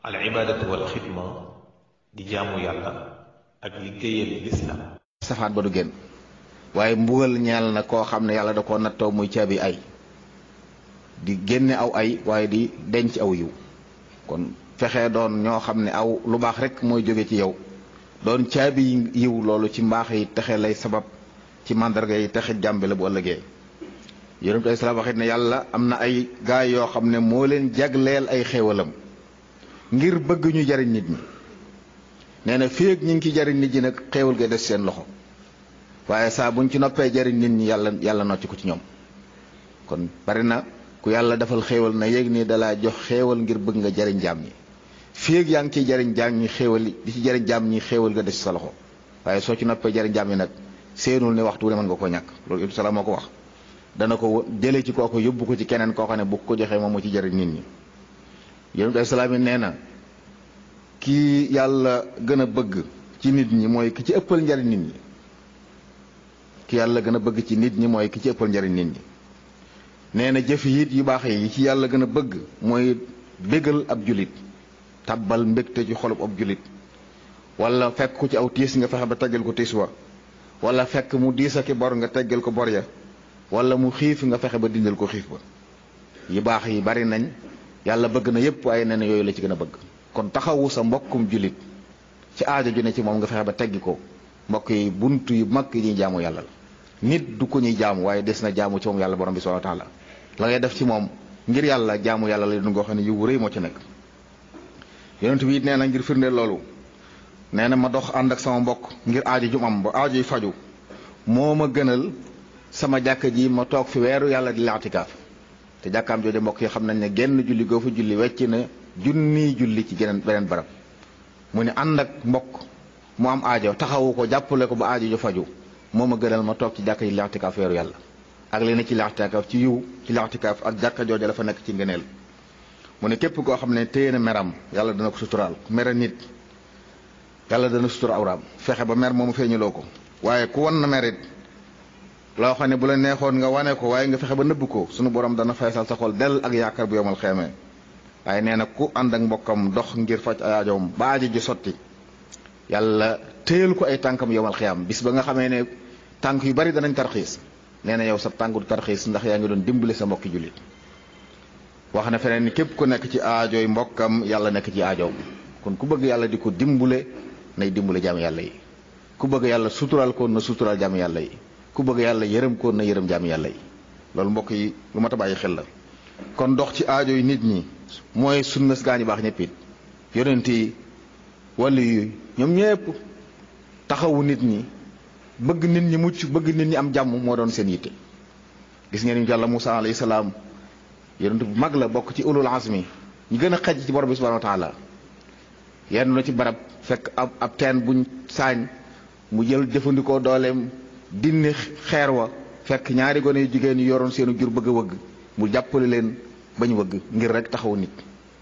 al ibaadatu wal xidma di jaamu yàlla ak liggéeyal lislaam safaan ba du génn waaye mbugal ñaal na koo xam ne yàlla da koo nattoo muy caabi ay di génne aw ay waaye di denc aw yiw kon fexe doon ñoo xam ne aw lu baax rek mooy jóge ci yow doon caabi yiw loolu ci mbaax yi texe lay sabab ci màndarga yi texe jàmbe la bu ëllëgee yonent ay salaam waxit ne yàlla am na ay gaay yoo xam ne moo leen jagleel ay xéewalam ngir bëgg ñu jariñ nit ñi nee na fii ak ñu ngi ci jariñ nit ñi nag xéewal ga des seen loxo waaye saa buñ ci noppee jariñ nit ñi yàlla yàlla nocc ko ci ñoom kon bari na ku yàlla defal xéewal na yéeg nii dalaa jox xéewal ngir bëgg nga jariñ jaam ñi fii ak yaa ngi ciy jariñ jaam ñi xéewal di ci jariñ jaam ñi xéewal ga des sa loxo waaye soo ci noppee jariñ jaam ñi nag seenul ne waxtu ne mën nga koo ñàkk loolu ibnu a moo ko wax dana ko jëlee ci kooku yóbbu ko ci keneen koo ne bu ko joxee moom moo nit ñi yonent bi salaam yi nee na kii yàlla gën a bëgg ci nit ñi mooy ki ci ëppal njariñ nit ñi ki gën a bëgg ci nit ñi mooy ki ci ëppal njariñ nit nee na jëf yi yu baax yi ci yàlla gën a bëgg mooy bégal ab julit tabbal mbégte ci xolub ab julit wala fekk ku ci aw tiis nga fexe ba teggal ko tiis wa wala fekk mu diis ak bor nga teggal ko bor ya wala mu xiif nga fexe ba dindal ko xiif ba yu baax yi bari nañ yàlla bëgg na yépp waaye nee na yooyu la ci gën a bëgg kon taxawu sa mbokkum jullit ci aajo ju ne ci moom nga fexe ba teggi ko mbokk yi bunt yu mag yi ñuy jaamu yàlla la nit du ko ñuy jaamu waaye des na jaamu ci moom yàlla borom bi subhanahu wa la ngay def ci moom ngir yàlla jaamu yàlla la dun goo xam ne yu rëy moo ci nekk yonent nee na ngir firndeel loolu nee na ma dox ànd ak sama mbokk ngir aajo ju am ba aajo yu faju moo ma gënal sama jàkka ji ma toog fi weeru yàlla di te jàkkaam jooju mbokk yi xam nañ ne genn julli goo fa julli wecc na junni julli ci geneen beneen barab mu ne ànd ak mbokk mu am aajo taxawu ko jàppale ko ba aajo ju faju moom ma gënal ma toog ci jàkka yi laxtikaaf weeru yàlla ak li ne ci laxtikaaf ci yiw ci laxtikaaf ak jàkka jooja dafa nekk ci ngëneel mu ne képp koo xam ne téye na meram yàlla dana ko suturaal mere nit yàlla dana sutura awraam fexe ba mer moomu feeñuloo ko waaye ku wan na merit loo xam bu la neexon nga wané ko waaye nga fexé ba neub ko suñu borom dana faysal sa xol del ak yaakar bu yomal xéme waaye néna ku and ak mbokam dox ngir faj aajowam baaji ji soti yalla teyel ko ay tankam yomal xiyam bis ba nga xamé ne tank yu bari danañ tarxiis néna yow sa tànk du ndax ya nga doon dimbali sa mbokki julit waxna fenen feneen ni képp ku nek ci aajooy mbokam yalla nek ci aajowam kon ku bëgg yalla diko dimbulé nay dimbulé jaam yalla yi ku bëgg yalla sutural ko na sutural jaam yalla yi ku bëgg yàlla yërëm ko na yërëm jaam yàlla yi loolu mbokk yi lu mat a bàyyi xel la kon dox ci aajo yi nit ñi mooy sunna gaa ñu baax ñëpp it yonent yi wàllu yi ñoom ñëpp taxawu nit ñi bëgg nit ñi mucc bëgg nit ñi am jàmm moo doon seen yitte gis ngeen yàlla Musaa alayhi salaam yonent bu mag la bokk ci ulul mi ñu gën a xaj ci borom bi subhanahu wa yenn na ci barab fekk ab ab teen buñ saañ mu jël jëfandikoo dooleem dinni xeer wa fekk ñaari gone yu jigéen yu yoroon seenu jur bëgg wëgg mu jàppale leen bañ wëgg ngir rek taxaw nit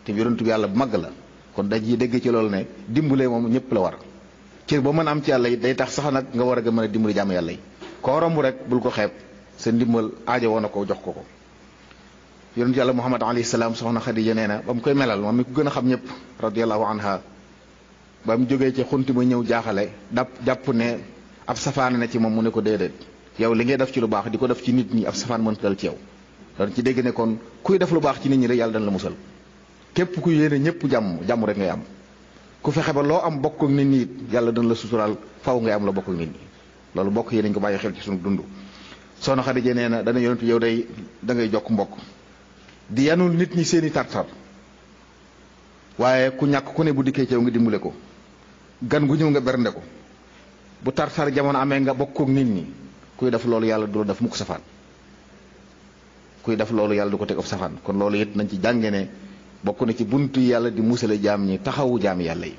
te yonentu bi yàlla bu mag la kon daj yi dégg ci loolu ne dimbale moom ñëpp la war cër ba mën a am ci yàlla yi day tax sax nag nga war a gën mën a dimbali jàmm yàlla yi koo romb rek bul ko xeeb sa ndimbal aaja woon na ko jox ko ko yonentu yàlla muhammad alayhi salaam soxna xadija nee na ba mu koy melal moom mi ko gën a xam ñëpp radiallahu a ba mu jógee ci xunti ma ñëw jaaxale ab safan na ci mom mu ne ko dedet yow li ngay def ci lu bax di ko def ci nit ñi ab safan mën dal ci yow don ci ne kon kuy def lu bax ci nit ñi rek yalla dañ la musal kep ku yene ñepp jam jam rek ngay am ku fexé ba lo am bokk ak nit ñi yalla dañ la susural faaw ngay am la bokk ak nit ñi lolu bokk yene nga baye xel ci sunu dundu soxna khadija neena dana yonentu yow day da ngay jokk mbokk di yanul nit ñi seeni tartar waye ku ñak ku ne bu dikke ci yow nga dimbulé ko gan gu ñew nga berndé ko bu tar-tar jamono amé nga bokku nit ñi kuy def loolu yalla du def muko safan kuy def loolu yalla duko tek of safan kon loolu yit nañ ci jànge ne bokku na ci buntu yalla di musale jamne, ñi taxawu jam yalla yi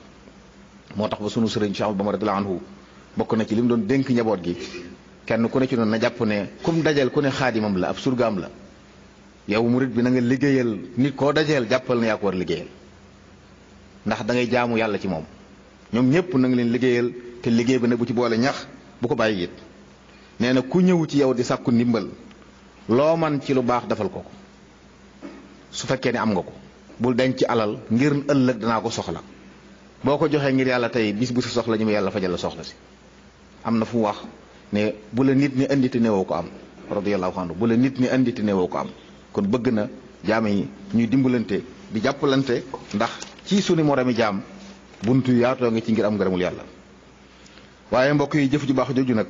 motax ba sunu serigne cheikh anhu bokku na ci lim doon denk njaboot gi kenn ku ne ci na japp ne kum dajal ku ne khadimam la ab Ya la yow murit bi na nga liggéeyal nit ko dajal jappal na jamu ko war liggéeyal ndax da ngay jaamu yalla ci mom ñom ñepp na nga leen te liggéey bi ne bu ci boole ñax bu ko bàyyi it nee na ku ñëw ci yow di sàkku ndimbal loo man ci lu baax defal ko ko su fekkee ne am nga ko bul denc alal ngir ëllëg danaa ko soxla boo ko joxee ngir yàlla tey bis bu si soxla ñu ma yàlla fajal la soxla si am na fu wax ne bu la nit ñi indi te newoo ko am radiyallahu anhu bu la nit ñi indi te newoo ko am kon bëgg na jaam yi ñuy dimbalante di jàppalante ndax ci sunu moromi jaam buntu yaatoo nga ci ngir am ngërëmul yàlla waaye mbokk yi jëf ju baax jooju nag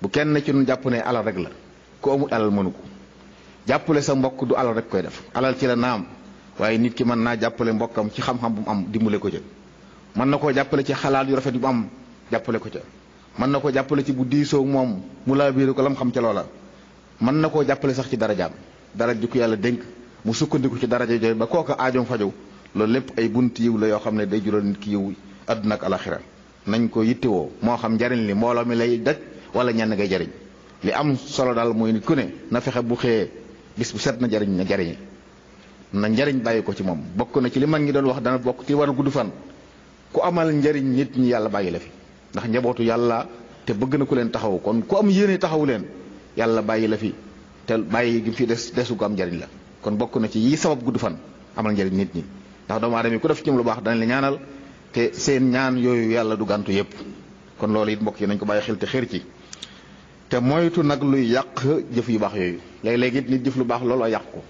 bu kenn ci ñun jàpp ne alal rek la ku amul alal mënu ko jàppale sa mbokk du alal rek koy def alal ci la naam waaye nit ki mën naa jàppale mbokkam ci xam-xam bu mu am dimbale ko ca mën na koo jàppale ci xalaat yu rafet yu mu am jàppale ko ca mën na ko jàppale ci bu diisoo moom mu laa biiru ko lam xam ca loola mën na koo jàppale sax ci darajaam dara ji yàlla dénk mu sukkandiku ci daraja jooy ba kooka aajoom fajow loolu lépp ay bunt yiw la yoo xam ne day jural nit ki yiw àdduna ak alaxira nañ ko yittewoo moo xam njariñ li mbooloo mi lay daj wala ñenn ngay jariñ li am solo daal mooy ni ku ne na fexe bu xëyee bis bu set na jariñ na jariñi na njariñ bàyyi ko ci moom bokk na ci li mag ngi doon wax dana bokk ci war a gudd fan ku amal njariñ nit yàlla bàyyi la fi ndax njabootu yàlla te bëgg na ku leen taxaw kon ku am yéene taxaw leen yàlla bàyyi la fi te bàyyi gi fi des desu ko am njariñ la kon bokk na ci yii sabab gudd fan amal njariñ nit ñi ndax doomu aadama yi ku def ci lu baax danañ la ñaanal te seen ñaan yooyu yàlla du gàntu yépp kon loolu it mbokk yi nañ ko bàyyi xel te xër ci te moytu nag luy yàq jëf yu baax yooyu léeg-léeg it nit jëf lu baax looloo yàq ko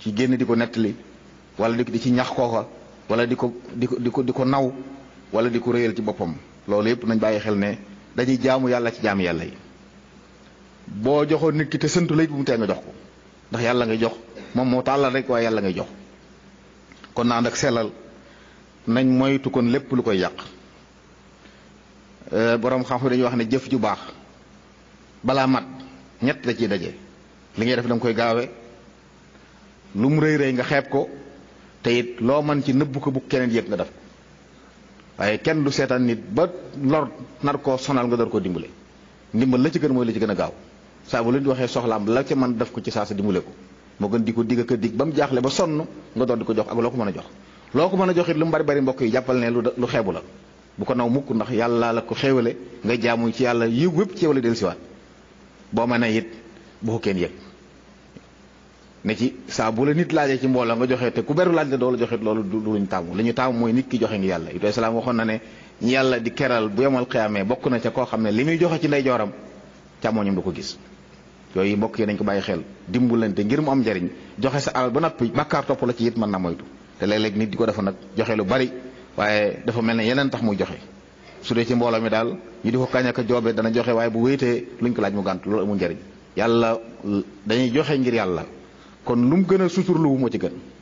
ci génn di ko nettali wala di di ci ñax kooka wala di ko di ko di ko di ko naw wala di ko réyal ci boppam loolu yëpp nañ bàyyi xel ne dañuy jaamu yàlla ci jaamu yàlla yi boo joxoon nit ki te sëntu la bu mu tee nga jox ko ndax yàlla ngay jox moom moo tàllal rek waaye yàlla ngay jox nañ moytu kon lépp lu koy yàq euh, borom xam-xam dañuy wax ne jëf ju baax balaa mat ñett da ciy daje li ngay def da koy gaawe lu mu rëy rëy nga xeeb ko te it loo mën ci nëbb ko bu keneen yëg nga def ko waaye kenn du seetaan nit ba lor nar koo sonal nga door koo dimbale ndimbal la ci gën mooy la ci gën a gaaw saa bu leen di waxee soxlaam la ca man def ko ci saa sa dimbale ko moo gën di ko digg ak a digg ba mu jaaxle ba sonn nga door di ko jox ak loo ko mën a jox loo ko mën a joxe lu mu bari bari mbokk yi jàppal ne lu xeebu la bu ko naw mukk ndax yàlla la ko xéewale nga jaamu ci yàlla yiw wépp ci yow la dellusiwaat boo mën it bu ko kenn ci saa bu la nit laajee ci mbooloo nga joxe te ku beru laaj la doo joxe loolu du luñ taamu li ñu taamu mooy nit ki joxe ngi yàlla Ibrahima salaam waxoon na ne ñi yàlla di keral bu yemal xiyaamee bokk na ca koo xam ne li muy joxe ci ndeyjooram càmmoñam du ko gis yooyu mbokk yi nañ ko bàyyi xel dimbalante ngir mu am njariñ joxe sa alal ba noppi bàkkaar topp la ci it mën na moytu te léeg-léeg nit di ko defa nag joxe lu bari waaye dafa mel ne yeneen tax muy joxe su dee ci mbooloo mi daal ñu di ko kañ ak dana joxe waaye bu wéetee luñ ko laaj mu gànt loolu amul njariñ yàlla dañuy joxe ngir yàlla kon lu mu gën a suturlu moo ci gën